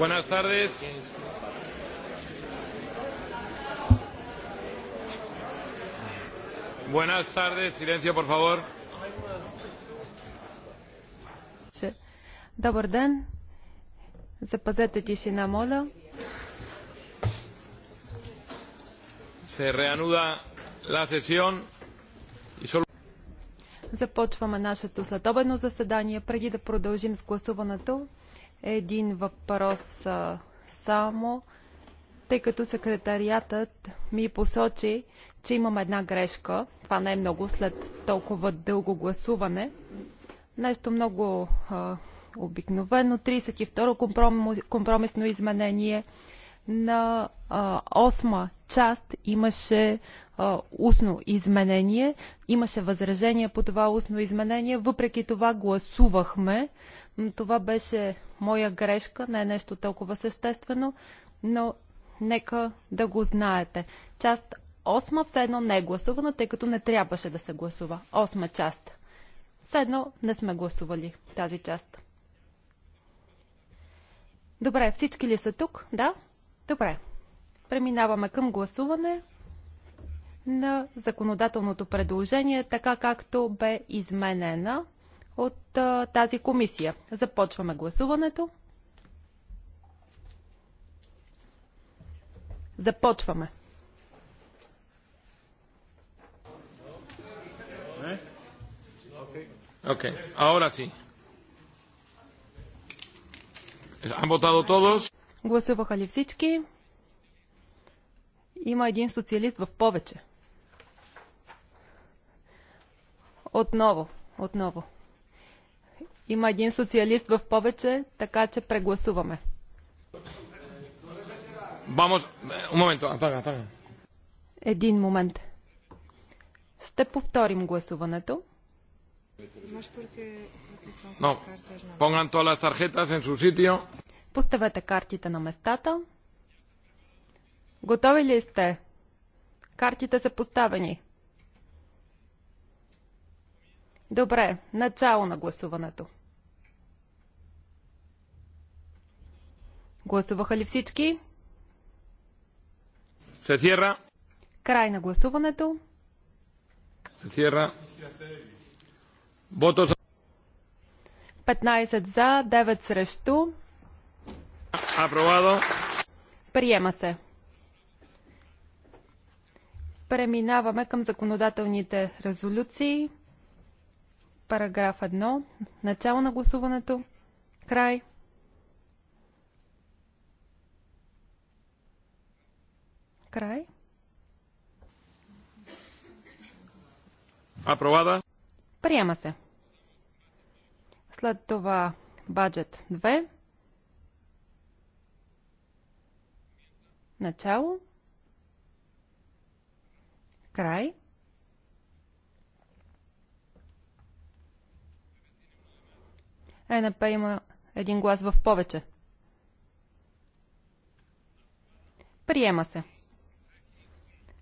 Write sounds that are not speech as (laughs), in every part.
Buenas tardes. Buenas tardes. Silencio, por favor. Добър ден. Запазете тишина, моля. Се реануда la sesión. Започваме нашето следобедно заседание. Преди да продължим с гласуването, един въпрос а, само, тъй като секретариатът ми посочи, че имам една грешка. Това не е много след толкова дълго гласуване. Нещо много а, обикновено. 32-ро компромисно изменение на а, 8 част имаше а, устно изменение, имаше възражение по това устно изменение, въпреки това гласувахме. Това беше моя грешка, не е нещо толкова съществено, но нека да го знаете. Част 8 все едно не е гласувана, тъй като не трябваше да се гласува. 8 част. Все едно не сме гласували тази част. Добре, всички ли са тук? Да? Добре. Преминаваме към гласуване на законодателното предложение, така както бе изменена от а, тази комисия. Започваме гласуването. Започваме. Okay. Ahora sí. ¿Han votado todos? Гласуваха ли всички? има един социалист в повече. Отново, отново. Има един социалист в повече, така че прегласуваме. Vamos, un momento, Един момент. Ще повторим гласуването. No, pongan todas las tarjetas en su sitio. Поставете картите на местата. Готови ли сте? Картите са поставени. Добре, начало на гласуването. Гласуваха ли всички? Се Край на гласуването. Се 15 за, 9 срещу. Апровадо. Приема се. Преминаваме към законодателните резолюции. Параграф 1. Начало на гласуването. Край. Край. Апровада. Приема се. След това баджет 2. Начало. Край. ЕНП има един глас в повече. Приема се.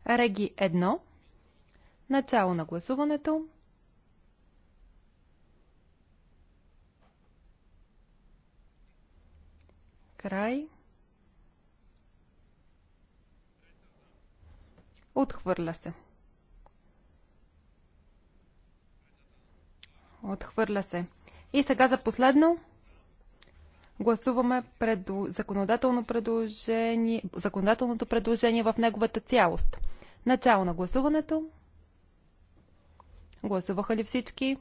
Реги 1. Начало на гласуването. Край. Отхвърля се. Отхвърля се. И сега за последно гласуваме преду... законодателно предложение... законодателното предложение в неговата цялост. Начало на гласуването. Гласуваха ли всички?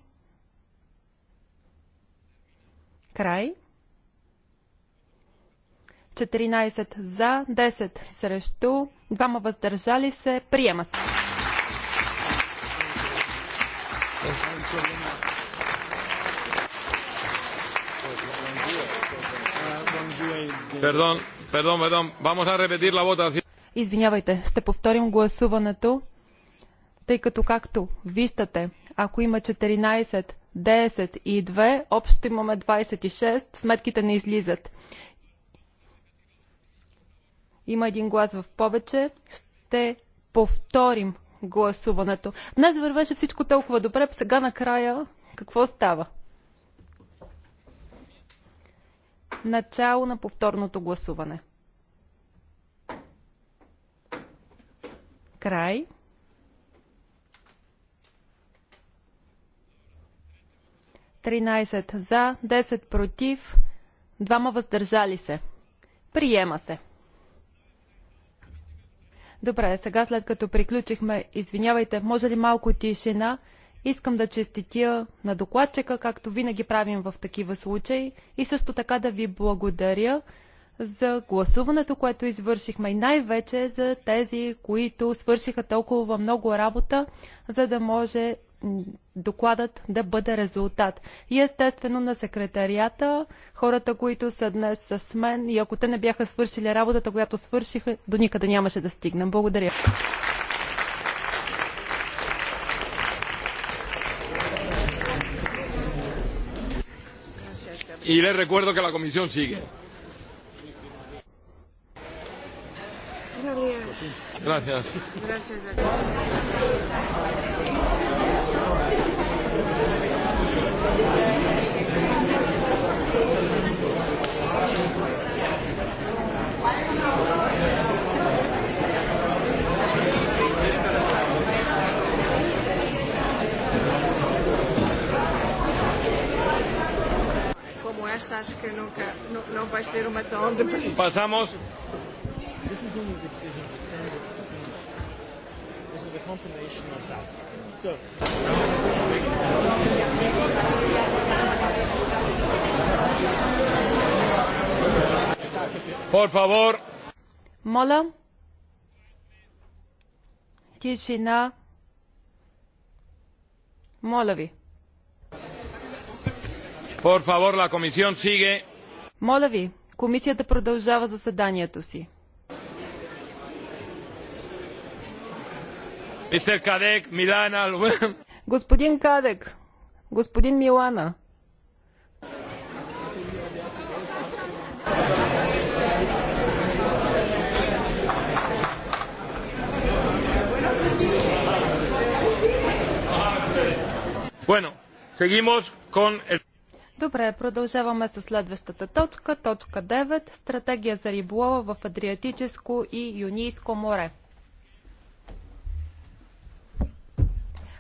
Край. 14 за, 10 срещу, 2 въздържали се. Приема се. Извинявайте, ще повторим гласуването, тъй като както виждате, ако има 14, 10 и 2, общо имаме 26, сметките не излизат. Има един глас в повече, ще повторим гласуването. Днес вървеше всичко толкова добре, сега накрая какво става? Начало на повторното гласуване. Край. Тринайсет за, 10 против, двама въздържали се. Приема се. Добре, сега след като приключихме, извинявайте, може ли малко тишина? Искам да честитя на докладчика, както винаги правим в такива случаи, и също така да ви благодаря за гласуването, което извършихме и най-вече за тези, които свършиха толкова много работа, за да може докладът да бъде резултат. И естествено на секретарията, хората, които са днес с мен и ако те не бяха свършили работата, която свършиха, до никъде нямаше да стигнем. Благодаря. y le recuerdo que la comisión sigue. Gracias. Gracias que nunca, no, no vais de Pasamos. This is only the decision to send it This is a confirmation of that. So. Por favor. Mola. Тишина. Моля ви. Por favor, la comisión sigue. Моля ви, комисията продължава заседанието си. Мистер Кадек, Милана. (laughs) Господин Кадек, господин Милана. Bueno, seguimos con el... Добре, продължаваме с следващата точка. Точка 9. Стратегия за риболова в Адриатическо и Юнийско море.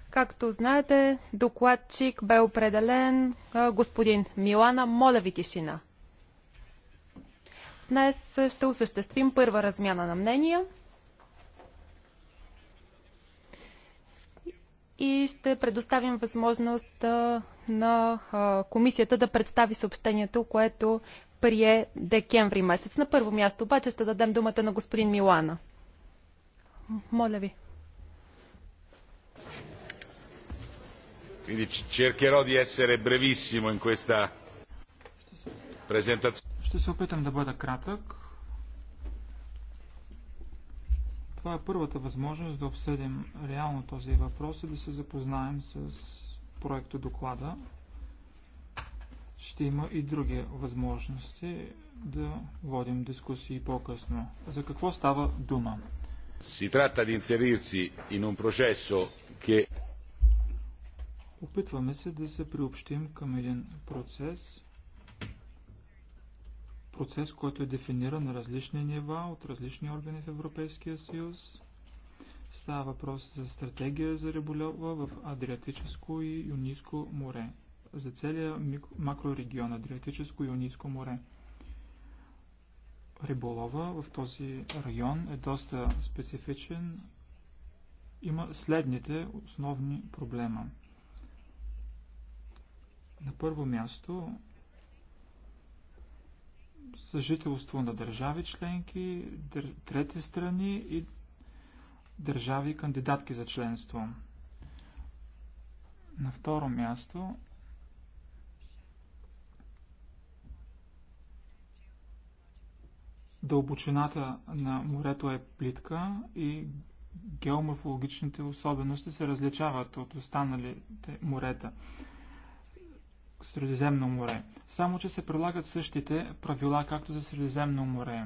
Както знаете, докладчик бе определен господин Милана. Моля ви тишина. Днес ще осъществим първа размяна на мнения. и ще предоставим възможност на комисията да представи съобщението, което прие декември месец. На първо място обаче ще дадем думата на господин Милана. Моля ви. Ще се опитам да бъда кратък. Това е първата възможност да обсъдим реално този въпрос и да се запознаем с проекта доклада. Ще има и други възможности да водим дискусии по-късно. За какво става дума? Си tratta да inserirsi in un processo che... Опитваме се да се приобщим към един процес, процес, който е дефиниран на различни нива от различни органи в Европейския съюз. Става въпрос за стратегия за риболова в Адриатическо и Юнийско море, за целия макрорегион Адриатическо и Юнийско море. Риболова в този район е доста специфичен. Има следните основни проблема. На първо място съжителство на държави членки, дър... трети страни и държави кандидатки за членство. На второ място дълбочината на морето е плитка и геоморфологичните особености се различават от останалите морета. Средиземно море. Само, че се прилагат същите правила, както за Средиземно море.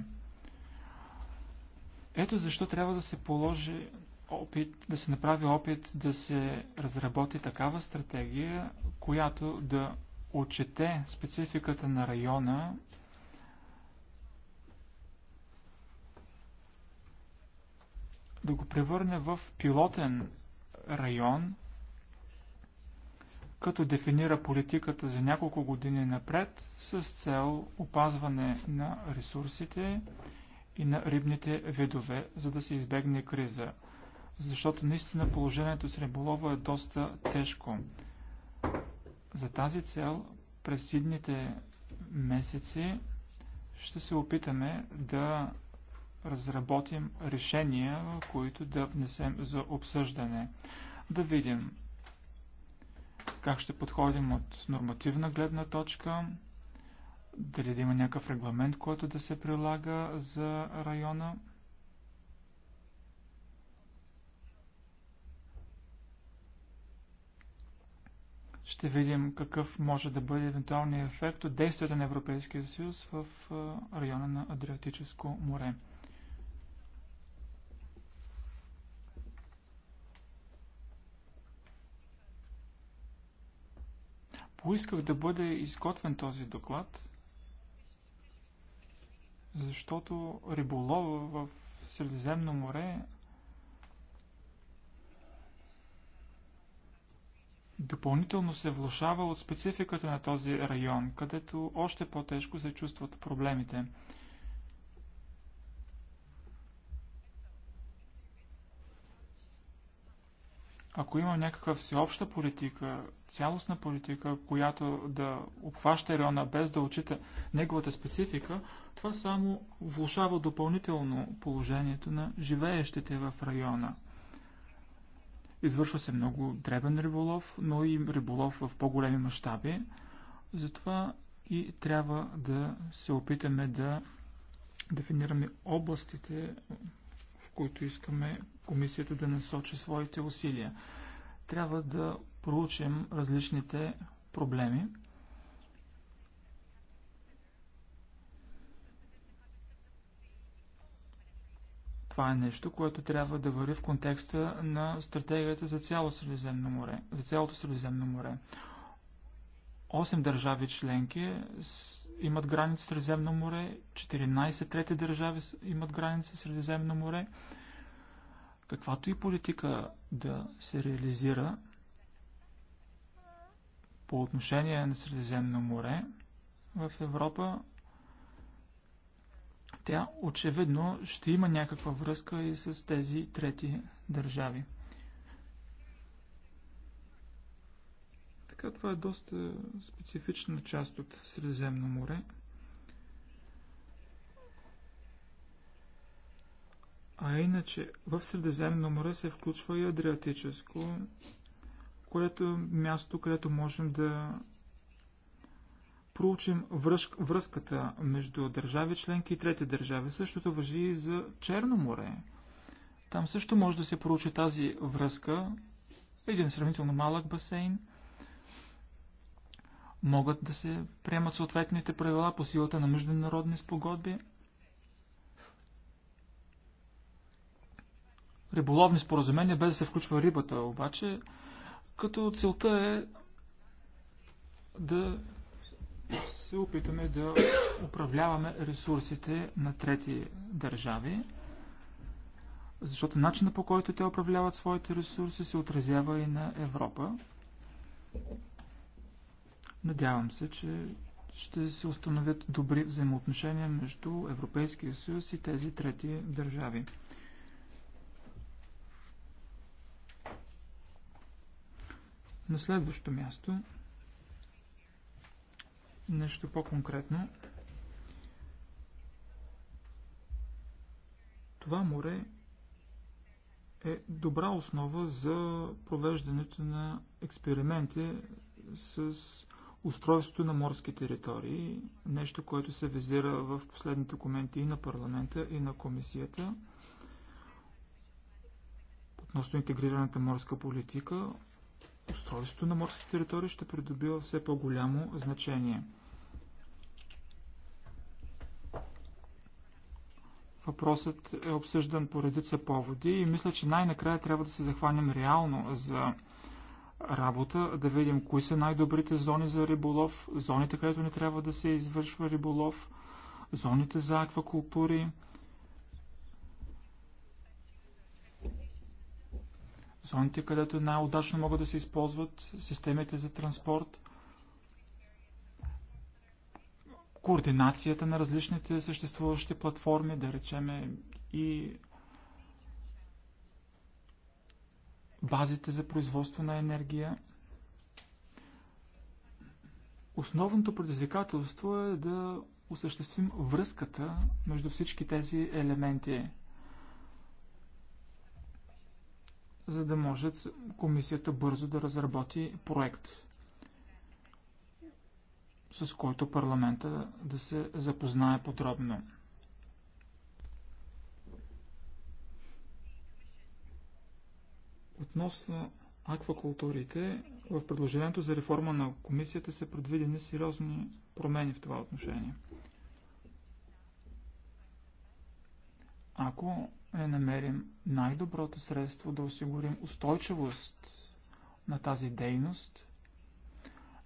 Ето защо трябва да се положи опит, да се направи опит да се разработи такава стратегия, която да отчете спецификата на района да го превърне в пилотен район, като дефинира политиката за няколко години напред с цел опазване на ресурсите и на рибните видове, за да се избегне криза. Защото наистина положението с риболова е доста тежко. За тази цел през идните месеци ще се опитаме да разработим решения, които да внесем за обсъждане. Да видим как ще подходим от нормативна гледна точка, дали да има някакъв регламент, който да се прилага за района. Ще видим какъв може да бъде евентуалният ефект от действията на Европейския съюз в района на Адриатическо море. Поисках да бъде изготвен този доклад, защото риболова в Средиземно море допълнително се влушава от спецификата на този район, където още по-тежко се чувстват проблемите – Ако има някаква всеобща политика, цялостна политика, която да обхваща района без да отчита неговата специфика, това само влушава допълнително положението на живеещите в района. Извършва се много дребен риболов, но и риболов в по-големи мащаби. Затова и трябва да се опитаме да дефинираме областите, който които искаме комисията да насочи своите усилия. Трябва да проучим различните проблеми. Това е нещо, което трябва да върви в контекста на стратегията за Средиземно море, за цялото Средиземно море. 8 държави членки имат граница с Средиземно море, 14 трети държави имат граница с Средиземно море. Каквато и политика да се реализира по отношение на Средиземно море в Европа, тя очевидно ще има някаква връзка и с тези трети държави. Така, това е доста специфична част от Средиземно море. А иначе, в Средиземно море се включва и Адриатическо, което е място, където можем да проучим връзк, връзката между държави членки и трети държави. Същото въжи и за Черно море. Там също може да се проучи тази връзка. Един сравнително малък басейн – могат да се приемат съответните правила по силата на международни спогодби, риболовни споразумения, без да се включва рибата, обаче, като целта е да се опитаме да управляваме ресурсите на трети държави, защото начинът по който те управляват своите ресурси се отразява и на Европа. Надявам се, че ще се установят добри взаимоотношения между Европейския съюз и тези трети държави. На следващо място, нещо по-конкретно, това море е добра основа за провеждането на експерименти с устройството на морски територии, нещо, което се визира в последните коменти и на парламента, и на комисията относно интегрираната морска политика, устройството на морски територии ще придобива все по-голямо значение. Въпросът е обсъждан по редица поводи и мисля, че най-накрая трябва да се захванем реално за работа, да видим кои са най-добрите зони за риболов, зоните, където не трябва да се извършва риболов, зоните за аквакултури, зоните, където най-удачно могат да се използват системите за транспорт, координацията на различните съществуващи платформи, да речеме и базите за производство на енергия. Основното предизвикателство е да осъществим връзката между всички тези елементи, за да може комисията бързо да разработи проект, с който парламента да се запознае подробно. Относно аквакултурите, в предложението за реформа на комисията са предвидени сериозни промени в това отношение. Ако не намерим най-доброто средство да осигурим устойчивост на тази дейност,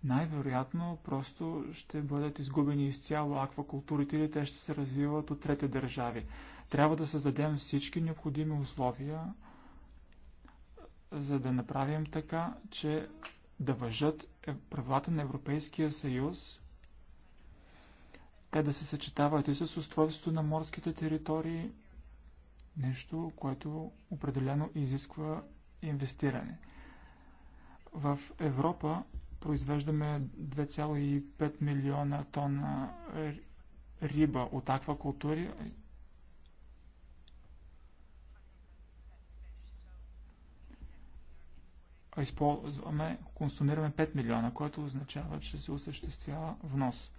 най-вероятно просто ще бъдат изгубени изцяло аквакултурите или те ще се развиват от трети държави. Трябва да създадем всички необходими условия за да направим така, че да въжат е, правилата на Европейския съюз, те да се съчетават и с устройството на морските територии, нещо, което определено изисква инвестиране. В Европа произвеждаме 2,5 милиона тона риба от аквакултури, използваме, консумираме 5 милиона, което означава, че се осъществява внос.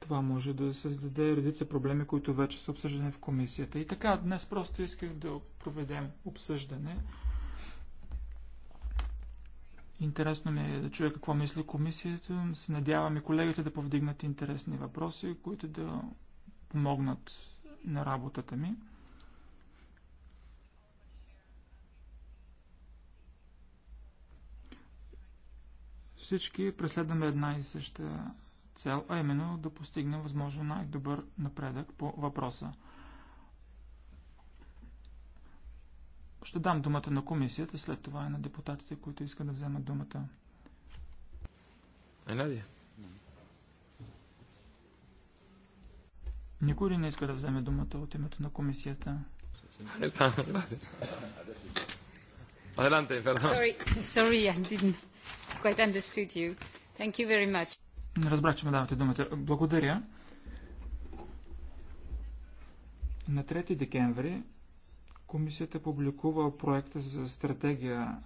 Това може да създаде редица проблеми, които вече са обсъждани в комисията. И така, днес просто исках да проведем обсъждане Интересно ми е да чуя какво мисли комисията. Се надявам и колегите да повдигнат интересни въпроси, които да помогнат на работата ми. Всички преследваме една и съща цел, а именно да постигнем възможно най-добър напредък по въпроса. Ще дам думата на комисията, след това и на депутатите, които искат да вземат думата. Енадия. Никой ли не иска да вземе думата от името на комисията? (laughs) (laughs) sorry, I didn't quite understood you. Thank you very much. Не разбрах, че ме давате думата. Благодаря. На 3 декември Комисията публикува проекта за стратегия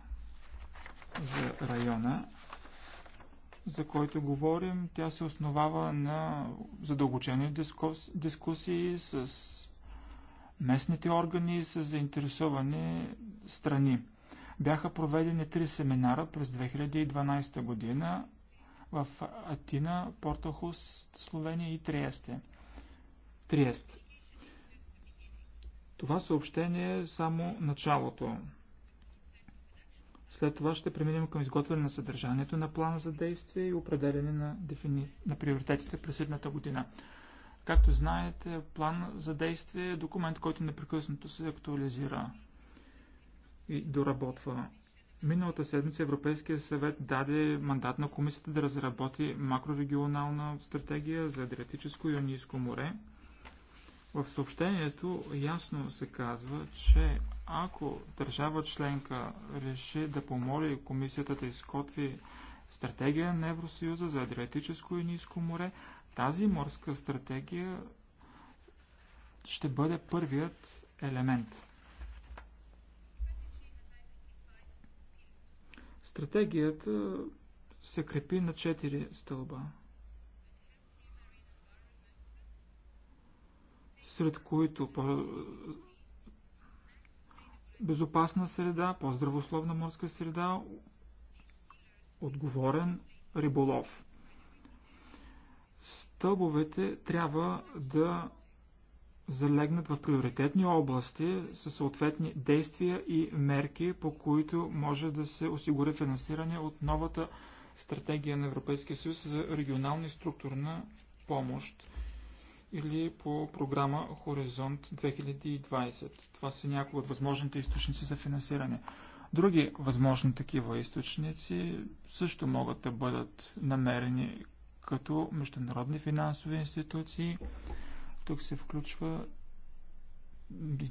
за района, за който говорим. Тя се основава на задълбочени дискусии с местните органи и с заинтересовани страни. Бяха проведени три семинара през 2012 година в Атина, Портохус, Словения и Триесте. Триест. Това съобщение е само началото. След това ще преминем към изготвяне на съдържанието на плана за действие и определене на, дефини... на приоритетите през следната година. Както знаете, план за действие е документ, който непрекъснато се актуализира и доработва. Миналата седмица Европейския съвет даде мандат на комисията да разработи макрорегионална стратегия за Адриатическо и юнийско море – в съобщението ясно се казва, че ако държава членка реши да помоли комисията да изготви стратегия на Евросъюза за Адриатическо и Ниско море, тази морска стратегия ще бъде първият елемент. Стратегията се крепи на четири стълба – сред които по безопасна среда, по-здравословна морска среда, отговорен риболов. Стълбовете трябва да залегнат в приоритетни области със съответни действия и мерки, по които може да се осигури финансиране от новата стратегия на Европейския съюз за регионална и структурна помощ или по програма Хоризонт 2020. Това са някои от възможните източници за финансиране. Други възможни такива източници също могат да бъдат намерени като международни финансови институции. Тук се включва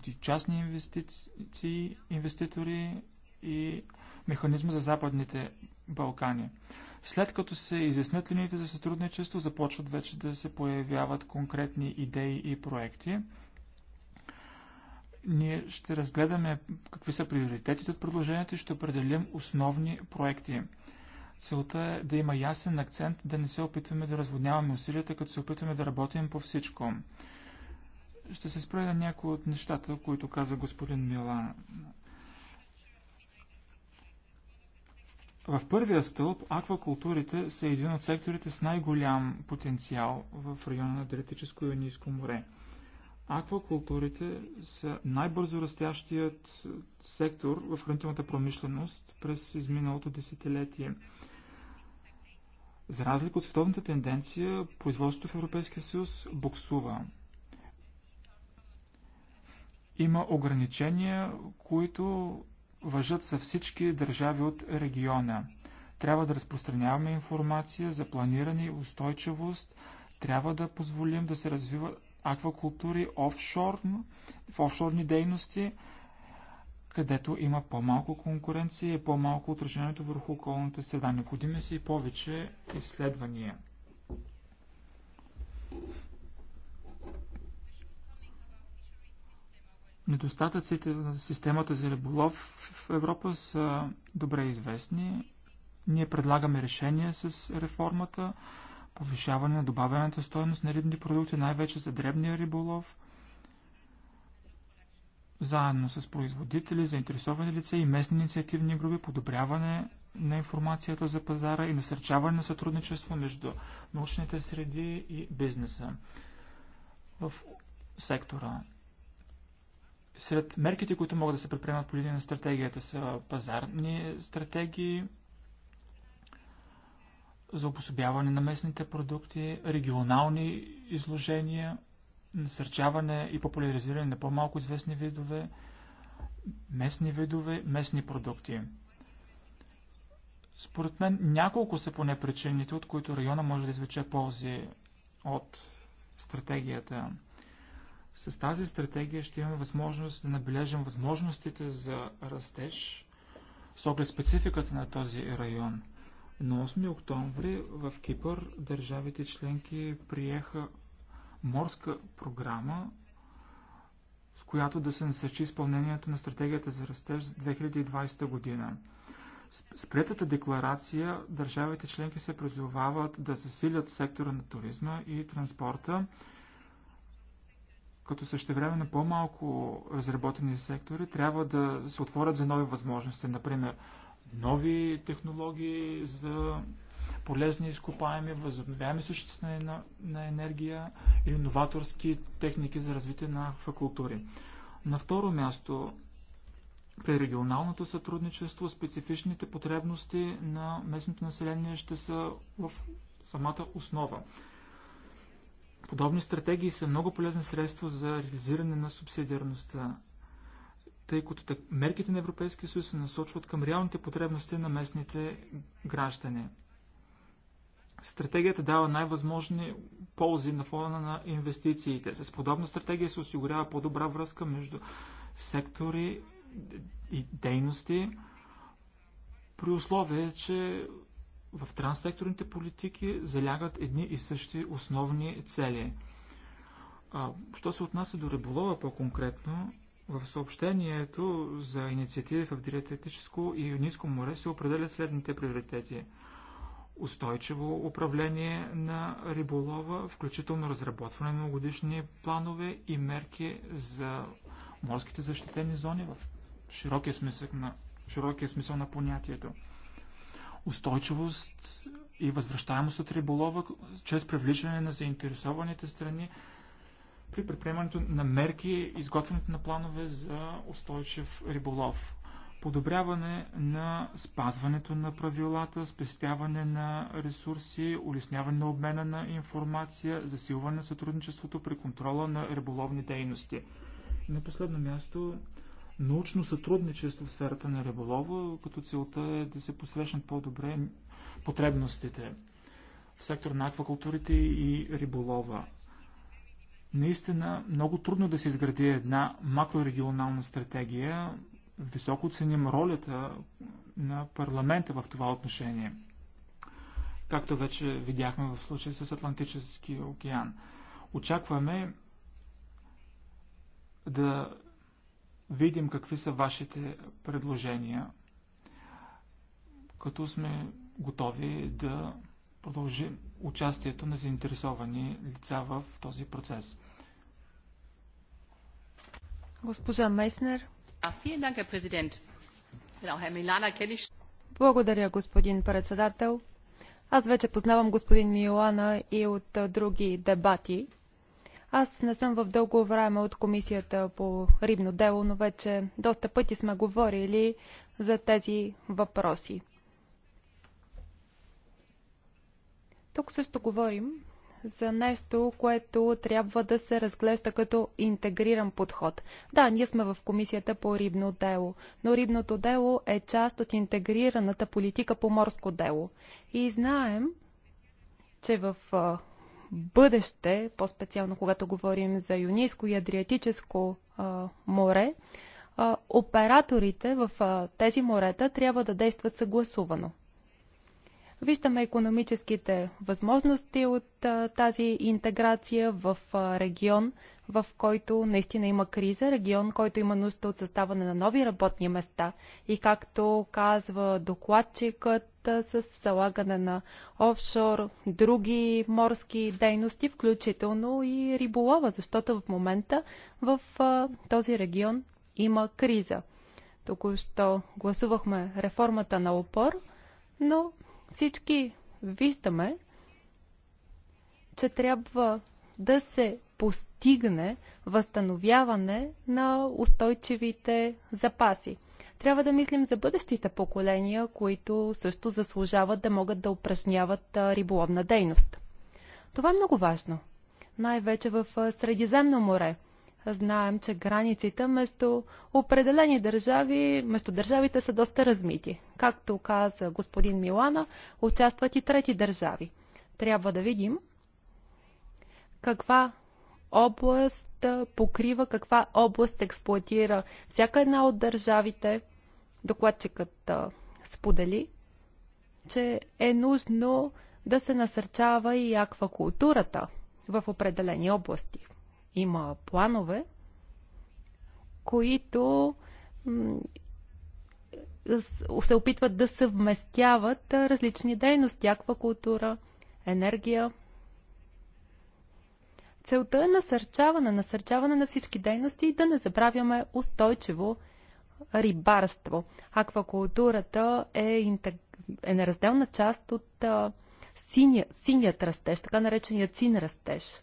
и частни инвестиции, инвеститори и механизма за западните Балкани. След като се изяснят линиите за сътрудничество, започват вече да се появяват конкретни идеи и проекти. Ние ще разгледаме какви са приоритетите от предложението и ще определим основни проекти. Целта е да има ясен акцент, да не се опитваме да разводняваме усилията, като се опитваме да работим по всичко. Ще се спра на някои от нещата, които каза господин Милан. В първия стълб аквакултурите са един от секторите с най-голям потенциал в района на Адриатическо и Ниско море. Аквакултурите са най-бързо растящият е, сектор в хранителната промишленост през изминалото десетилетие. За разлика от световната тенденция, производството в Европейския съюз буксува. Има ограничения, които въжат за всички държави от региона. Трябва да разпространяваме информация за планиране и устойчивост, трябва да позволим да се развиват аквакултури офшор, в офшорни дейности, където има по-малко конкуренция и по-малко отражението върху околната среда. Необходими са и повече изследвания. Недостатъците на системата за риболов в Европа са добре известни. Ние предлагаме решение с реформата, повишаване на добавената стоеност на рибни продукти, най-вече за дребния риболов, заедно с производители, заинтересовани лица и местни инициативни групи, подобряване на информацията за пазара и насърчаване на сътрудничество между научните среди и бизнеса в сектора. Сред мерките, които могат да се предприемат по линия на стратегията са пазарни стратегии за обособяване на местните продукти, регионални изложения, насърчаване и популяризиране на по-малко известни видове, местни видове, местни продукти. Според мен няколко са поне причините, от които района може да извлече ползи от стратегията. С тази стратегия ще имаме възможност да набележим възможностите за растеж с оглед спецификата на този район. На 8 октомври в Кипър държавите членки приеха морска програма, с която да се насърчи изпълнението на стратегията за растеж за 2020 година. С приятата декларация държавите членки се призовават да засилят сектора на туризма и транспорта като същевременно по-малко разработени сектори трябва да се отворят за нови възможности. Например, нови технологии за полезни изкопаеми, възобновяеми същества на, на енергия или новаторски техники за развитие на аквакултури. На второ място, при регионалното сътрудничество специфичните потребности на местното население ще са в самата основа Подобни стратегии са много полезни средства за реализиране на субсидиарността, тъй като мерките на Европейския съюз се насочват към реалните потребности на местните граждани. Стратегията дава най-възможни ползи на фона на инвестициите. С подобна стратегия се осигурява по-добра връзка между сектори и дейности, при условие, че в транссекторните политики залягат едни и същи основни цели. А, що се отнася до риболова по-конкретно, в съобщението за инициативи в Адриатическо и Юнийско море се определят следните приоритети. Устойчиво управление на риболова, включително разработване на годишни планове и мерки за морските защитени зони в широкия смисъл на, широкия смисъл на понятието – устойчивост и възвръщаемост от риболова чрез привличане на заинтересованите страни при предприемането на мерки, изготвянето на планове за устойчив риболов, подобряване на спазването на правилата, спестяване на ресурси, улесняване на обмена на информация, засилване на сътрудничеството при контрола на риболовни дейности. И на последно място научно сътрудничество в сферата на риболова, като целта е да се посрещнат по-добре потребностите в сектор на аквакултурите и риболова. Наистина много трудно да се изгради една макрорегионална стратегия. Високо ценим ролята на парламента в това отношение, както вече видяхме в случая с Атлантическия океан. Очакваме да видим какви са вашите предложения, като сме готови да продължим участието на заинтересовани лица в този процес. Госпожа Мейснер. Благодаря, господин председател. Аз вече познавам господин Милана и от други дебати аз не съм в дълго време от комисията по рибно дело, но вече доста пъти сме говорили за тези въпроси. Тук също говорим за нещо, което трябва да се разглежда като интегриран подход. Да, ние сме в комисията по рибно дело, но рибното дело е част от интегрираната политика по морско дело. И знаем, че в бъдеще, по-специално когато говорим за Юнийско и Адриатическо а, море, а, операторите в а, тези морета трябва да действат съгласувано. Виждаме економическите възможности от а, тази интеграция в а, регион, в който наистина има криза, регион, който има нужда от съставане на нови работни места и както казва докладчикът а, с залагане на офшор, други морски дейности, включително и риболова, защото в момента в този регион има криза. Току-що гласувахме реформата на опор, но всички виждаме, че трябва да се постигне възстановяване на устойчивите запаси. Трябва да мислим за бъдещите поколения, които също заслужават да могат да упражняват риболовна дейност. Това е много важно. Най-вече в Средиземно море – знаем, че границите между определени държави, между държавите са доста размити. Както каза господин Милана, участват и трети държави. Трябва да видим каква област покрива, каква област експлуатира всяка една от държавите. Докладчикът сподели, че е нужно да се насърчава и аквакултурата в определени области има планове, които се опитват да съвместяват различни дейности, аквакултура, енергия. Целта е насърчаване, насърчаване на всички дейности и да не забравяме устойчиво рибарство. Аквакултурата е, интег... е неразделна част от а, синия, синият растеж, така наречения син растеж.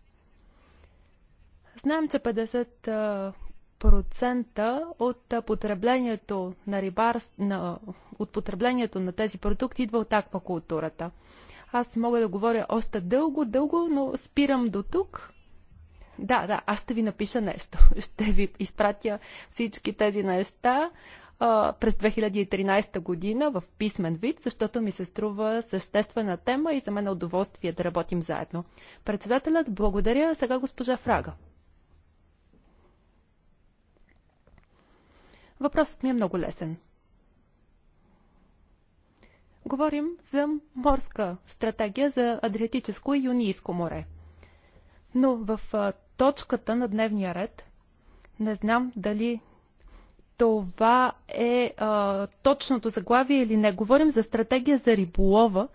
Знаем, че 50% от потреблението на, рибар, на, от потреблението на тези продукти идва от аквакултурата. Аз мога да говоря още дълго, дълго, но спирам до тук. Да, да, аз ще ви напиша нещо. (laughs) Ще ви изпратя всички тези неща а, през 2013 година в писмен вид, защото ми се струва съществена тема и за мен е удоволствие да работим заедно. Председателят, благодаря. Сега госпожа Фрага. Въпросът ми е много лесен. Говорим за морска стратегия за Адриатическо и Юнийско море. Но в точката на дневния ред не знам дали това е а, точното заглавие или не. Говорим за стратегия за риболова,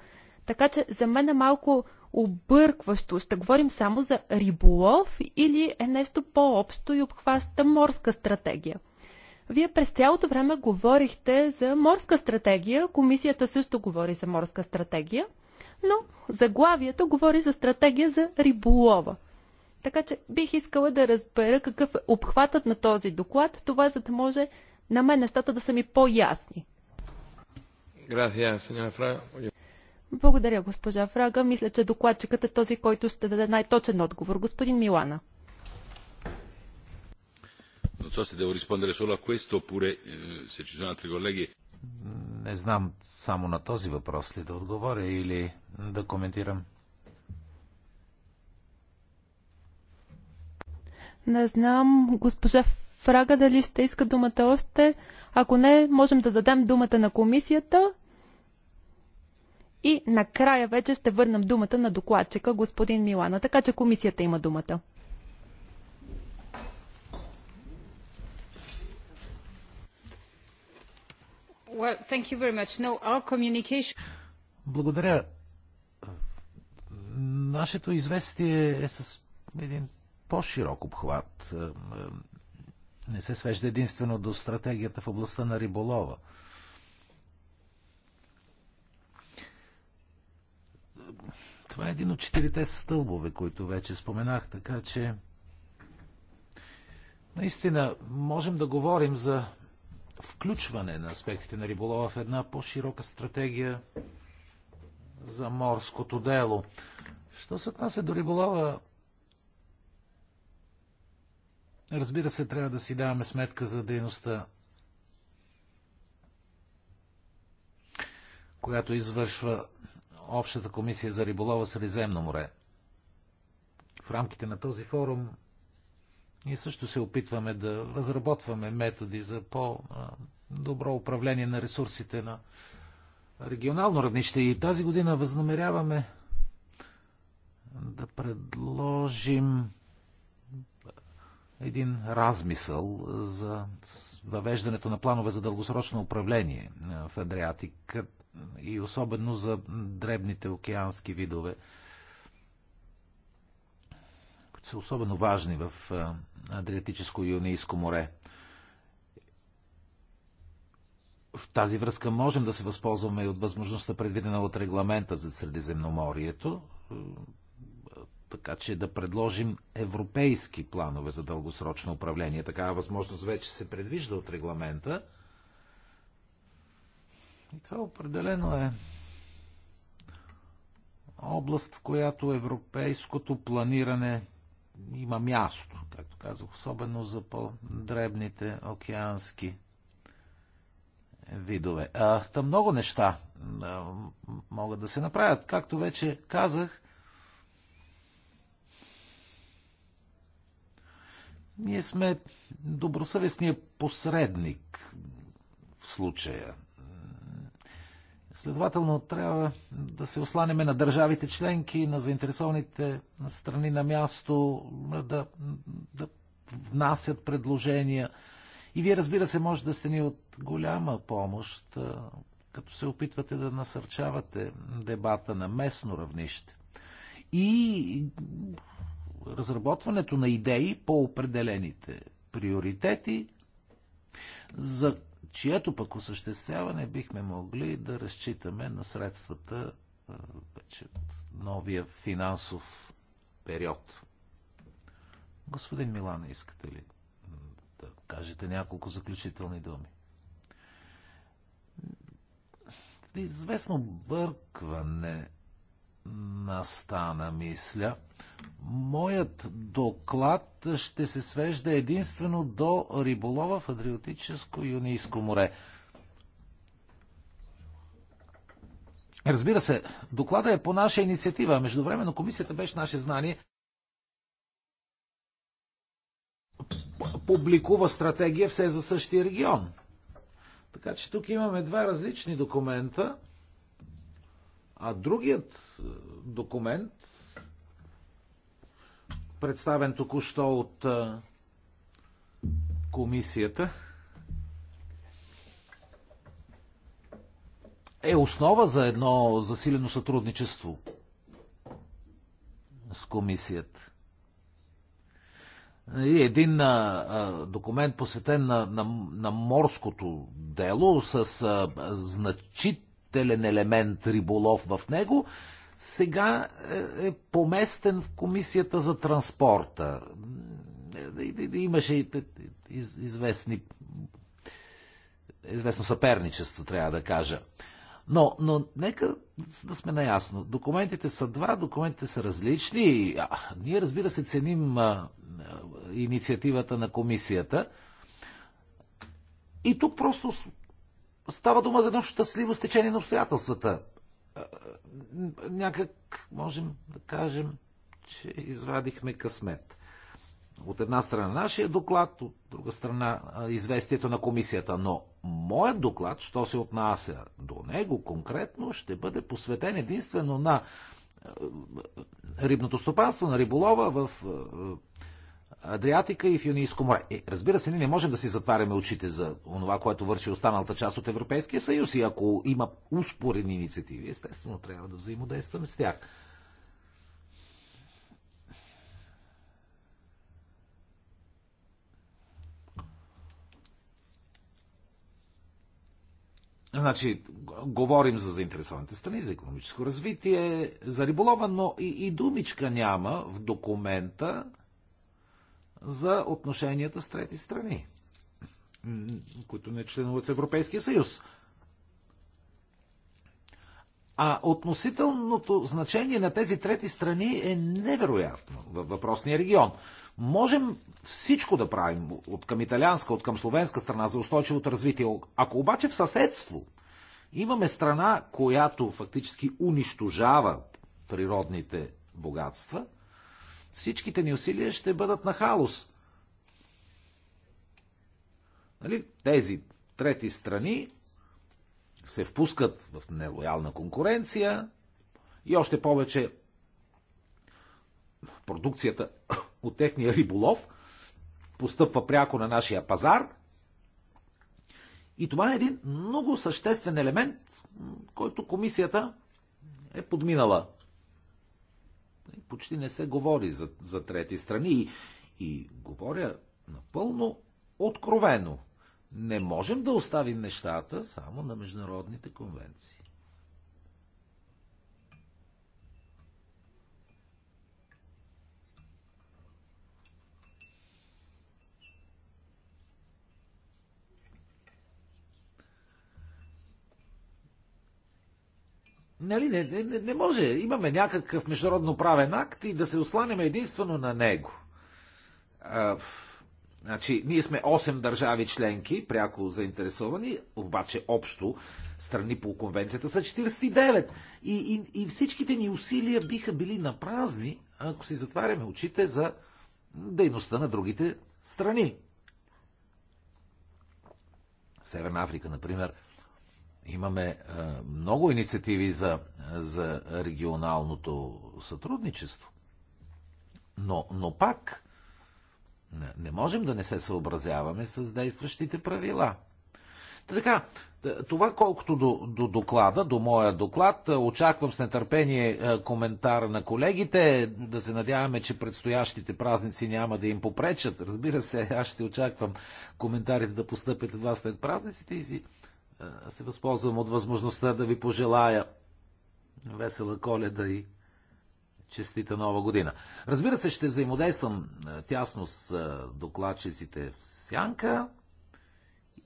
така че за мен е малко объркващо. Ще говорим само за риболов или е нещо по-общо и обхваща морска стратегия? Вие през цялото време говорихте за морска стратегия, комисията също говори за морска стратегия, но заглавието говори за стратегия за риболова. Така че бих искала да разбера какъв е обхватът на този доклад, това за да може на мен нещата да са ми по-ясни. Благодаря, госпожа Фрага. Мисля, че докладчикът е този, който ще даде най-точен отговор. Господин Милана. Non so se devo rispondere solo a questo oppure eh, se ci sono altri colleghi. Не знам само на този въпрос ли да отговоря или да коментирам. Не знам, госпожа Фрага, дали ще иска думата още. Ако не, можем да дадем думата на комисията. И накрая вече ще върнем думата на докладчика, господин Милана. Така че комисията има думата. Благодаря. Нашето известие е с един по-широк обхват. Не се свежда единствено до стратегията в областта на риболова. Това е един от четирите стълбове, които вече споменах, така че наистина можем да говорим за включване на аспектите на риболова в една по-широка стратегия за морското дело. Що се отнася до риболова, разбира се, трябва да си даваме сметка за дейността, която извършва Общата комисия за риболова Средиземно море. В рамките на този форум ние също се опитваме да разработваме методи за по-добро управление на ресурсите на регионално равнище. И тази година възнамеряваме да предложим един размисъл за въвеждането на планове за дългосрочно управление в Адриатик и особено за дребните океански видове са особено важни в Адриатическо и Юнийско море. В тази връзка можем да се възползваме и от възможността, предвидена от регламента за Средиземноморието, така че да предложим европейски планове за дългосрочно управление. Такава възможност вече се предвижда от регламента. И това определено е област, в която европейското планиране има място, както казах, особено за по-дребните океански видове. А, там много неща а, могат да се направят. Както вече казах, ние сме добросъвестния посредник в случая. Следователно трябва да се осланеме на държавите членки, на заинтересованите страни на място, да, да внасят предложения. И вие, разбира се, може да сте ни от голяма помощ, като се опитвате да насърчавате дебата на местно равнище. И разработването на идеи по определените приоритети, за чието пък осъществяване бихме могли да разчитаме на средствата е, вече от новия финансов период. Господин Милана, искате ли да кажете няколко заключителни думи? Известно бъркване настана, мисля. Моят доклад ще се свежда единствено до риболова в Адриотическо и Юнийско море. Разбира се, доклада е по наша инициатива. Междувременно комисията беше наше знание. Публикува стратегия все за същия регион. Така че тук имаме два различни документа – а другият е, документ, представен току-що от е, комисията, е основа за едно засилено сътрудничество с комисията. И един а, е, а, документ посветен на, на, на морското дело с а, значит допълнителен елемент риболов в него, сега е, е поместен в комисията за транспорта. Е, е, имаше известни известно съперничество, трябва да кажа. Но, но нека да сме наясно. Документите са два, документите са различни. А, ние, разбира се, ценим а, а, инициативата на комисията. И тук просто става дума за едно щастливо стечение на обстоятелствата. Е, някак можем да кажем, че извадихме късмет. От една страна нашия доклад, от друга страна известието на комисията. Но моят доклад, що се отнася до него конкретно, ще бъде посветен единствено на е, рибното стопанство, на риболова в е, Адриатика и в Юнийско море. Е, разбира се, ние не можем да си затваряме очите за това, което върши останалата част от Европейския съюз и ако има успорени инициативи, естествено трябва да взаимодействаме с тях. Значи, говорим за заинтересованите страни, за економическо развитие, за риболова, но и, и думичка няма в документа за отношенията с трети страни, които не членуват в Европейския съюз. А относителното значение на тези трети страни е невероятно във въпросния регион. Можем всичко да правим от към италианска, от към словенска страна за устойчивото развитие. Ако обаче в съседство имаме страна, която фактически унищожава природните богатства – всичките ни усилия ще бъдат на халус. Нали? Тези трети страни се впускат в нелоялна конкуренция и още повече продукцията (coughs) от техния риболов постъпва пряко на нашия пазар. И това е един много съществен елемент, който комисията е подминала почти не се говори за, за трети страни. И, и говоря напълно откровено. Не можем да оставим нещата само на международните конвенции. Нали, не, не, не може. Имаме някакъв международно правен акт и да се осланяме единствено на него. А, значи, ние сме 8 държави членки, пряко заинтересовани, обаче общо страни по конвенцията са 49. И, и, и всичките ни усилия биха били напразни, ако си затваряме очите за дейността на другите страни. Северна Африка, например, Имаме много инициативи за, за регионалното сътрудничество. Но, но пак не можем да не се съобразяваме с действащите правила. Така, това колкото до, до доклада, до моя доклад, очаквам с нетърпение коментар на колегите, да се надяваме, че предстоящите празници няма да им попречат. Разбира се, аз ще очаквам коментарите да постъпят едва след празниците и си се възползвам от възможността да ви пожелая весела коледа и честита нова година. Разбира се, ще взаимодействам тясно с докладчиците в Сянка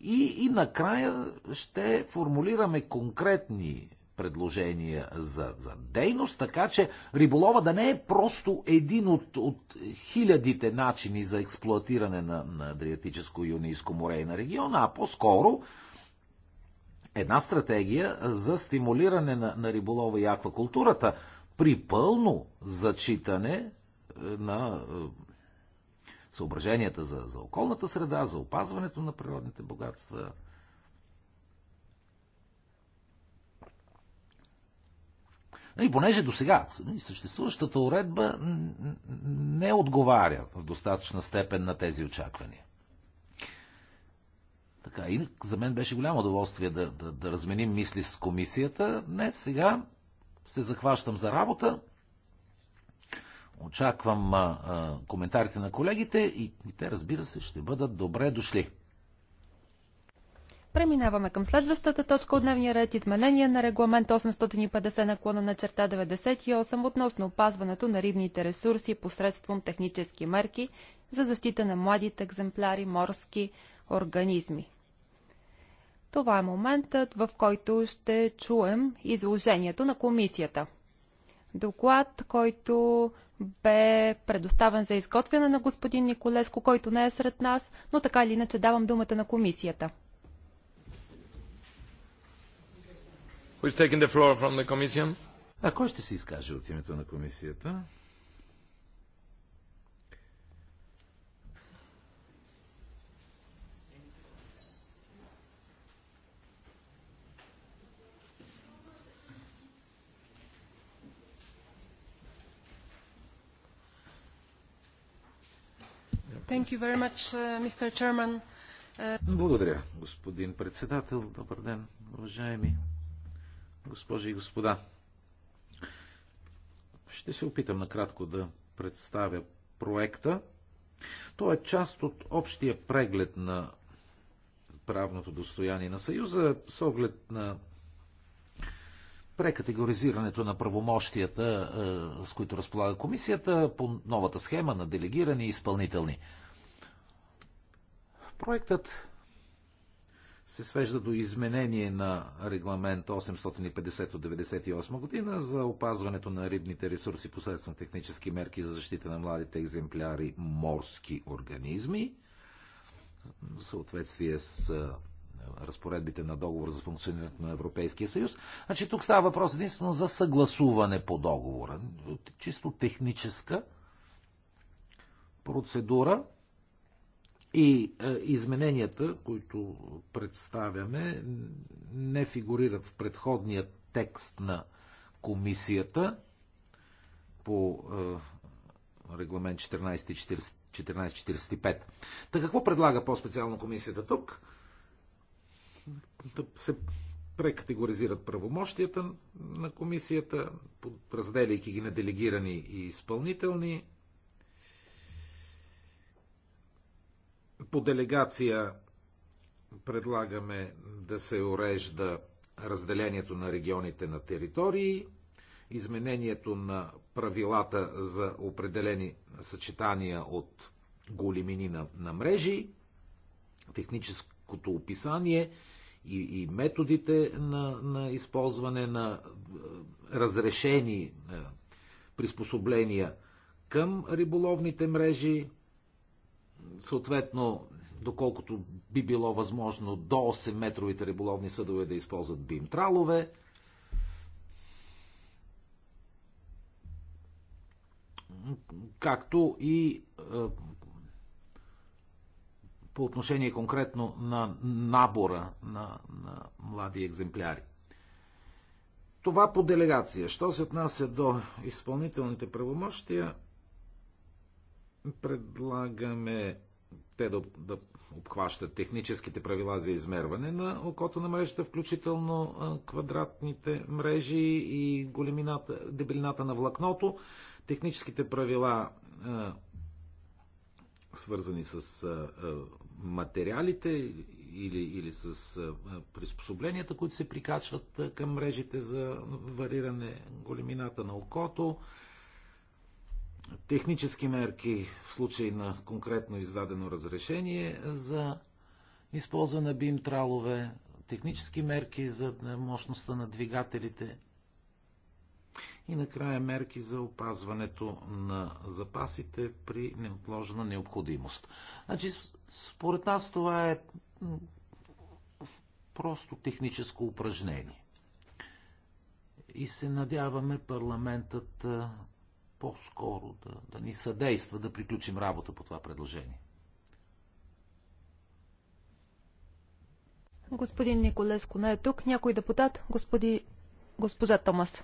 и, и накрая ще формулираме конкретни предложения за, за дейност, така че риболова да не е просто един от, от хилядите начини за експлуатиране на, на Адриатическо и Юнийско море и на региона, а по-скоро една стратегия за стимулиране на, на риболова и аквакултурата при пълно зачитане е, на е, съображенията за, за околната среда, за опазването на природните богатства. И понеже до сега съществуващата уредба не отговаря в достатъчна степен на тези очаквания. Така, и за мен беше голямо удоволствие да, да, да разменим мисли с комисията. Днес, сега се захващам за работа. Очаквам а, а, коментарите на колегите и, и те, разбира се, ще бъдат добре дошли. Преминаваме към следващата точка от дневния ред изменение на регламент 850 наклона на черта 98 относно опазването на рибните ресурси посредством технически мерки за защита на младите екземпляри морски организми. Това е моментът, в който ще чуем изложението на комисията. Доклад, който бе предоставен за изготвяне на господин Николеско, който не е сред нас, но така или иначе давам думата на комисията. А кой ще се изкаже от името на комисията? Uh, uh, Благодаря, господин председател. Добър ден, уважаеми госпожи и господа. Ще се опитам накратко да представя проекта. Той е част от общия преглед на правното достояние на Съюза с оглед на прекатегоризирането на правомощията, е, с които разполага комисията по новата схема на делегирани и изпълнителни. Проектът се свежда до изменение на регламент 850 от 1998 година за опазването на рибните ресурси посредством технически мерки за защита на младите екземпляри морски организми в съответствие с е, разпоредбите на договор за функционирането на Европейския съюз. Значи тук става въпрос единствено за съгласуване по договора. Чисто техническа процедура. И е, измененията, които представяме, не фигурират в предходния текст на комисията по е, регламент 1445. Та какво предлага по-специално комисията тук? да се прекатегоризират правомощията на комисията, разделяйки ги на делегирани и изпълнителни. По делегация предлагаме да се урежда разделението на регионите на територии, изменението на правилата за определени съчетания от големини на, на мрежи, техническо като описание и, и методите на, на използване на е, разрешени е, приспособления към риболовните мрежи, съответно, доколкото би било възможно, до 8-метровите риболовни съдове да използват бимтралове. Както и е, по отношение конкретно на набора на, на млади екземпляри. Това по делегация. Що се отнася до изпълнителните правомощия, предлагаме те да, да обхващат техническите правила за измерване на окото на мрежата, включително квадратните мрежи и големината, дебелината на влакното. Техническите правила, свързани с материалите или, или с приспособленията, които се прикачват към мрежите за вариране големината на окото, технически мерки в случай на конкретно издадено разрешение за използване на бимтралове, технически мерки за мощността на двигателите и накрая мерки за опазването на запасите при неотложна необходимост. Значи, според нас това е просто техническо упражнение. И се надяваме парламентът по-скоро да, да ни съдейства да приключим работа по това предложение. Господин Николеско не е тук. Някой депутат? Господи... Госпожа Томас.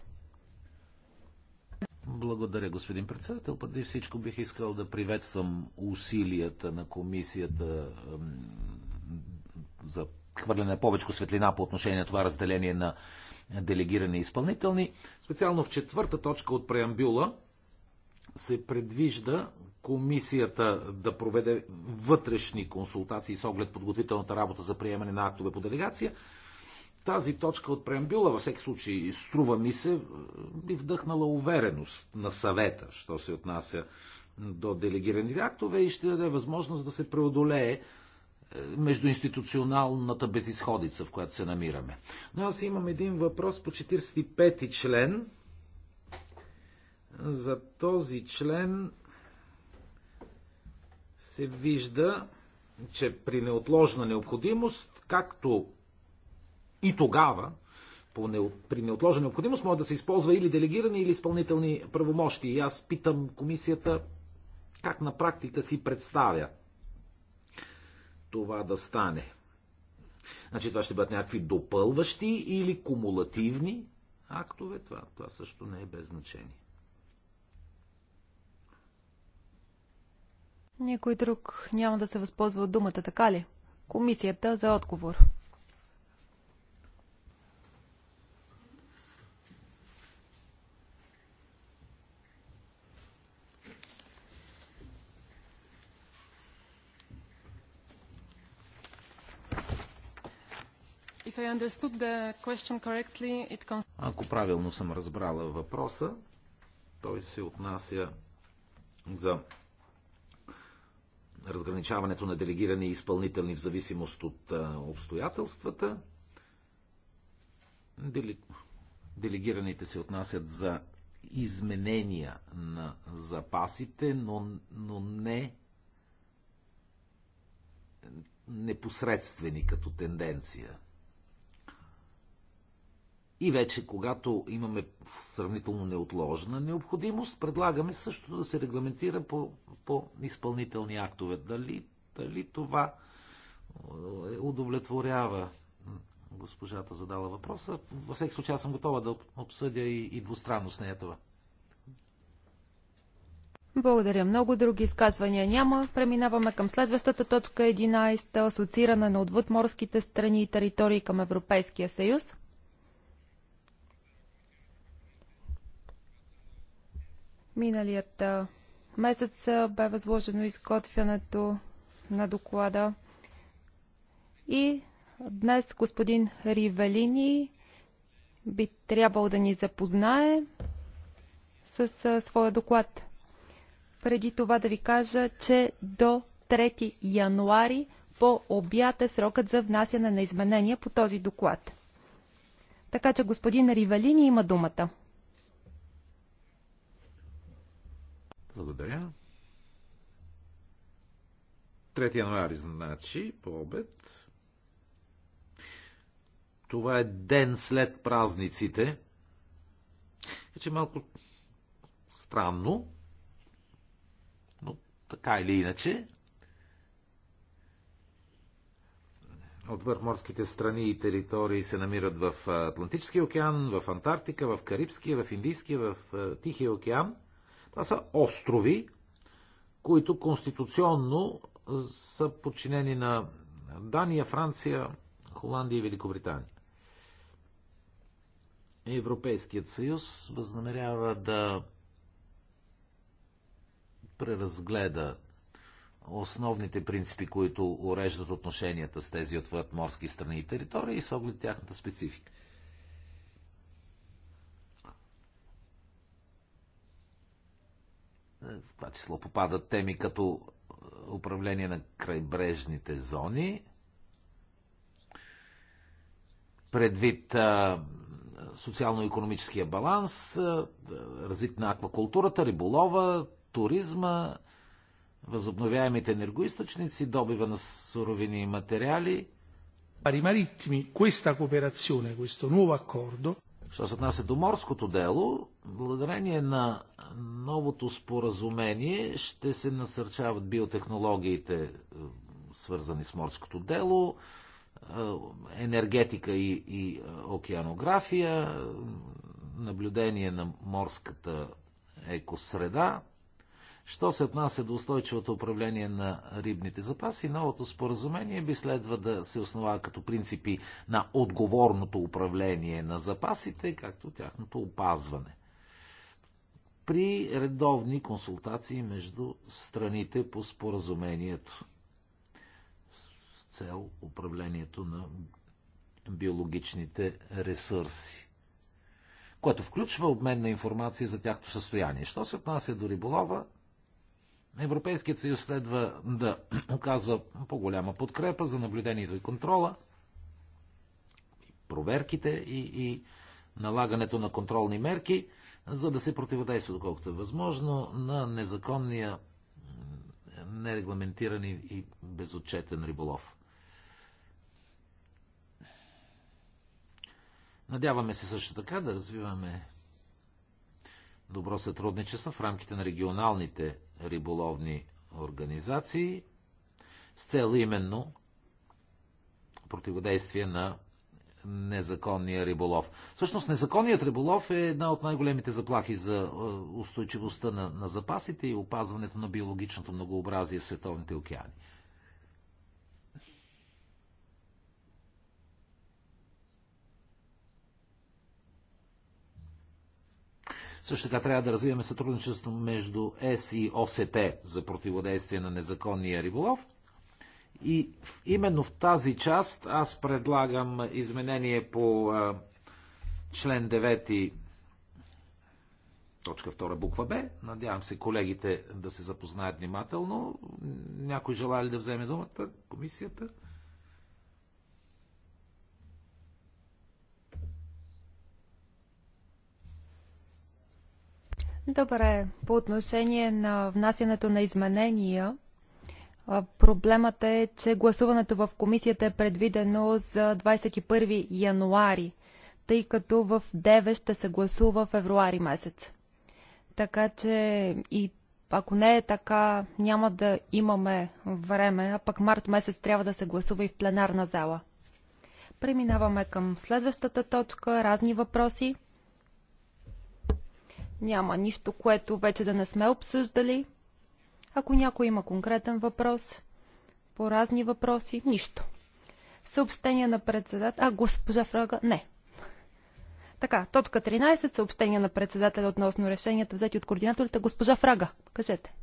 Благодаря, господин председател. Преди всичко бих искал да приветствам усилията на комисията за хвърляне повече светлина по отношение на това разделение на делегирани и изпълнителни. Специално в четвърта точка от преамбюла се предвижда комисията да проведе вътрешни консултации с оглед подготвителната работа за приемане на актове по делегация – тази точка от преамбюла, във всеки случай, струва ми се, би вдъхнала увереност на съвета, що се отнася до делегираните актове и ще даде възможност да се преодолее е, междуинституционалната безисходица, в която се намираме. Но аз имам един въпрос по 45-ти член. За този член се вижда, че при неотложна необходимост, както и тогава, по не, при неотложна необходимост, може да се използва или делегирани, или изпълнителни правомощи. И аз питам комисията как на практика си представя това да стане. Значи това ще бъдат някакви допълващи или кумулативни актове. Това, това също не е без значение. Никой друг няма да се възползва от думата, така ли? Комисията за отговор. Ако правилно съм разбрала въпроса, той се отнася за разграничаването на делегирани и изпълнителни в зависимост от обстоятелствата. Делегираните се отнасят за изменения на запасите, но, но не непосредствени като тенденция. И вече, когато имаме сравнително неотложна необходимост, предлагаме също да се регламентира по, по изпълнителни актове. Дали, дали това е, удовлетворява госпожата задала въпроса. Във всеки случай аз съм готова да обсъдя и, и двустранно с нея това. Благодаря много. Други изказвания няма. Преминаваме към следващата точка 11. Асоцииране на отвъдморските страни и територии към Европейския съюз. Миналият месец бе възложено изготвянето на доклада и днес господин Ривелини би трябвало да ни запознае с своя доклад. Преди това да ви кажа, че до 3 януари по обяд е срокът за внасяне на изменения по този доклад. Така че господин Ривелини има думата. Благодаря. 3 януари, значи, по обед. Това е ден след празниците. вече малко странно, но така или иначе. От върхморските страни и територии се намират в Атлантическия океан, в Антарктика, в Карибския, в Индийския, в е, Тихия океан – това са острови, които конституционно са подчинени на Дания, Франция, Холандия и Великобритания. Европейският съюз възнамерява да преразгледа основните принципи, които уреждат отношенията с тези отвъртморски страни и територии с оглед тяхната специфика. В това число попадат теми като е, управление на крайбрежните зони, предвид е, социално-економическия баланс, е, развит на аквакултурата, риболова, туризма, възобновяемите енергоисточници, добива на суровини и материали. пари marittimi, questa cooperazione, questo nuovo accordo Що се отнася до морското дело, благодарение на новото споразумение ще се насърчават биотехнологиите, свързани с морското дело, енергетика и, и океанография, наблюдение на морската екосреда. Що се отнася до устойчивото управление на рибните запаси, новото споразумение би следва да се основава като принципи на отговорното управление на запасите, както тяхното опазване. При редовни консултации между страните по споразумението с цел управлението на биологичните ресурси което включва обмен на информация за тяхното състояние. Що се отнася до риболова, Европейският съюз следва да (clears throat) оказва по-голяма подкрепа за наблюдението и контрола, проверките и, и налагането на контролни мерки, за да се противодейства, доколкото е възможно, на незаконния, нерегламентиран и безотчетен риболов. Надяваме се също така да развиваме добро сътрудничество в рамките на регионалните риболовни организации с цел именно противодействие на незаконния риболов. Всъщност незаконният риболов е една от най-големите заплахи за е, устойчивостта на, на запасите и опазването на биологичното многообразие в световните океани. Също така трябва да развиваме сътрудничество между ЕС и ОСТ за противодействие на незаконния риболов. И именно в тази част аз предлагам изменение по член 9 точка 2 буква Б. Надявам се колегите да се запознаят внимателно. Някой желая ли да вземе думата? Комисията? Добре, по отношение на внасянето на изменения, проблемът е, че гласуването в комисията е предвидено за 21 януари, тъй като в 9 ще се гласува февруари месец. Така че и ако не е така, няма да имаме време, а пък март месец трябва да се гласува и в пленарна зала. Преминаваме към следващата точка, разни въпроси. Няма нищо, което вече да не сме обсъждали. Ако някой има конкретен въпрос, по разни въпроси, нищо. Съобщение на председател... А, госпожа Фрага, не. Така, точка 13, съобщение на председателя относно решенията взети от координаторите. Госпожа Фрага, кажете.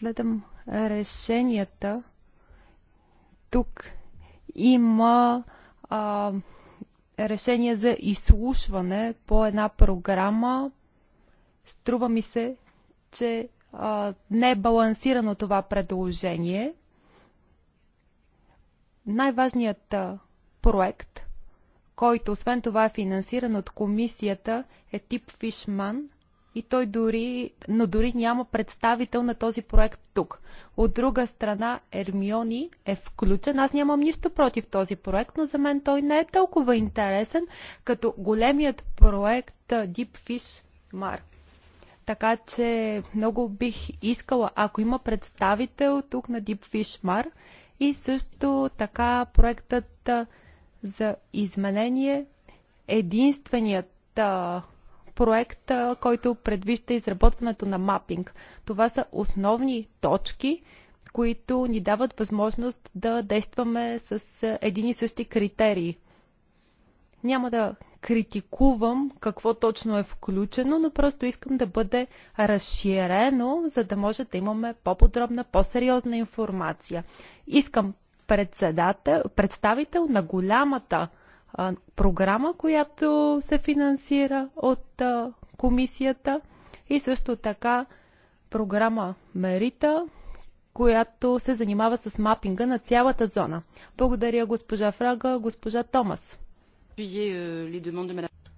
Гледам решенията тук има а, решение за изслушване по една програма. Струва ми се, че а, не е балансирано това предложение. Най-важният проект, който освен това е финансиран от комисията, е тип Фишман – и той дори, но дори няма представител на този проект тук. От друга страна, Ермиони е включен. Аз нямам нищо против този проект, но за мен той не е толкова интересен, като големият проект Deepfish Mar. Така че много бих искала, ако има представител тук на Deepfish Mar и също така проектът за изменение единственият проект, който предвижда изработването на мапинг. Това са основни точки, които ни дават възможност да действаме с един и същи критерии. Няма да критикувам какво точно е включено, но просто искам да бъде разширено, за да може да имаме по-подробна, по-сериозна информация. Искам представител на голямата програма, която се финансира от а, комисията и също така програма Мерита, която се занимава с мапинга на цялата зона. Благодаря госпожа Фрага, госпожа Томас.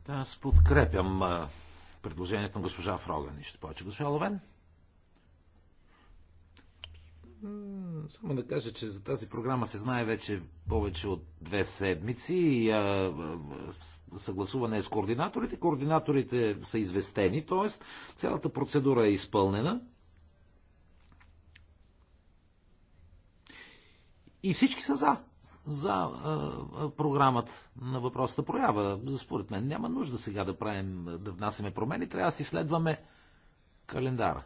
Аз подкрепям предложението на госпожа Фрога. Нищо повече. Госпожа Ловен? Само да кажа, че за тази програма се знае вече повече от две седмици. И, а, съгласуване е с координаторите. Координаторите са известени, т.е. цялата процедура е изпълнена. И всички са за. За а, програмата на въпросата проява. Според мен няма нужда сега да правим, да внасяме промени. Трябва да си следваме календара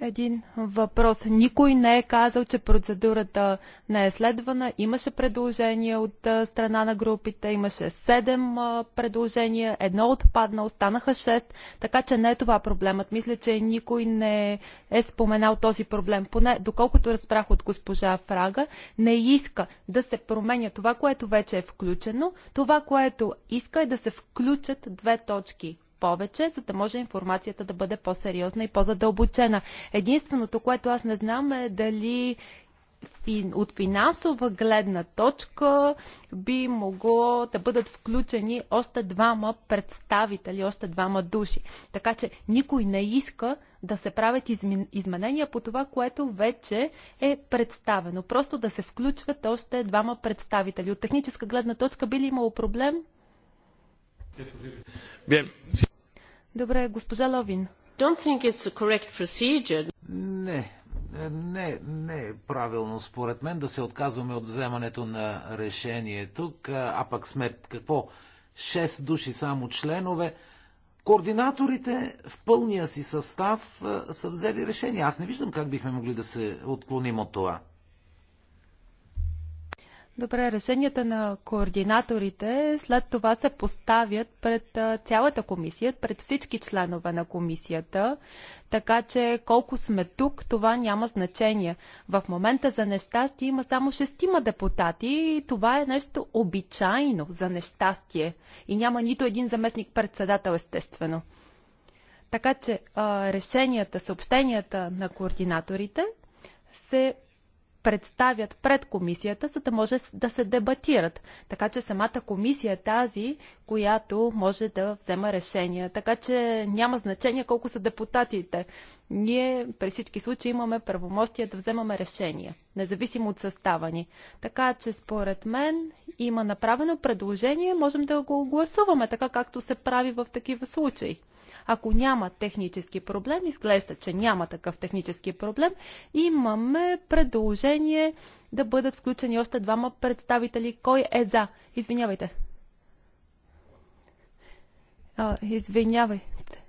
един въпрос. Никой не е казал, че процедурата не е следвана. Имаше предложения от страна на групите, имаше седем предложения, едно отпадна, останаха шест, така че не е това проблемът. Мисля, че никой не е споменал този проблем. Поне, доколкото разбрах от госпожа Фрага, не иска да се променя това, което вече е включено. Това, което иска е да се включат две точки повече, за да може информацията да бъде по-сериозна и по-задълбочена. Единственото, което аз не знам е дали от финансова гледна точка би могло да бъдат включени още двама представители, още двама души. Така че никой не иска да се правят изменения по това, което вече е представено. Просто да се включват още двама представители. От техническа гледна точка би ли имало проблем? Bien. Добре, госпожа Ловин. Don't think it's a correct procedure. Не, не, не е правилно според мен да се отказваме от вземането на решение тук, а пък сме какво? Шест души само членове. Координаторите в пълния си състав са взели решение. Аз не виждам как бихме могли да се отклоним от това. Добре, решенията на координаторите след това се поставят пред цялата комисия, пред всички членове на комисията, така че колко сме тук, това няма значение. В момента за нещастие има само шестима депутати и това е нещо обичайно за нещастие. И няма нито един заместник председател, естествено. Така че решенията, съобщенията на координаторите се представят пред комисията, за да може да се дебатират. Така че самата комисия е тази, която може да взема решения. Така че няма значение колко са депутатите. Ние при всички случаи имаме правомощия да вземаме решения, независимо от състава ни. Така че според мен има направено предложение, можем да го гласуваме, така както се прави в такива случаи. Ако няма технически проблем, изглежда, че няма такъв технически проблем, имаме предложение да бъдат включени още двама представители. Кой е за? Извинявайте. А, извинявайте.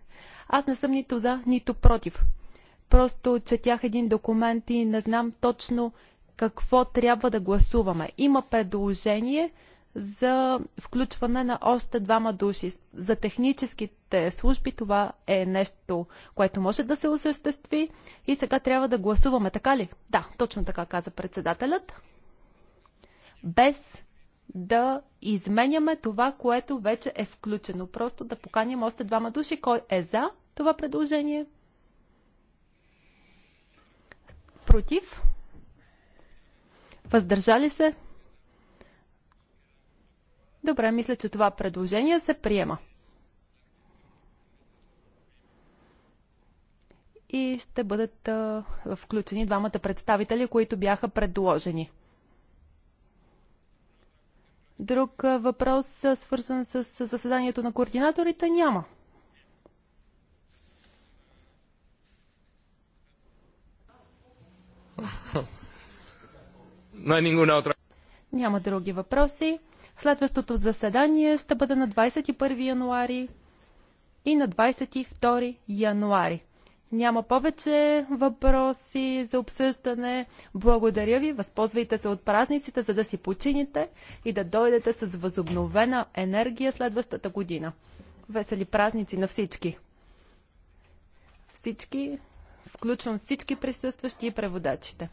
Аз не съм нито за, нито против. Просто четях един документ и не знам точно какво трябва да гласуваме. Има предложение за включване на още двама души. За техническите служби това е нещо, което може да се осъществи и сега трябва да гласуваме, така ли? Да, точно така каза председателят. Без да изменяме това, което вече е включено. Просто да поканим още двама души. Кой е за това предложение? Против? Въздържали се? Добре, мисля, че това предложение се приема. И ще бъдат а, включени двамата представители, които бяха предложени. Друг а, въпрос, а, свързан с, с заседанието на координаторите, няма. (laughs) Няма други въпроси. Следващото заседание ще бъде на 21 януари и на 22 януари. Няма повече въпроси за обсъждане. Благодаря ви. Възползвайте се от празниците, за да си почините и да дойдете с възобновена енергия следващата година. Весели празници на всички! Всички, включвам всички присъстващи и преводачите.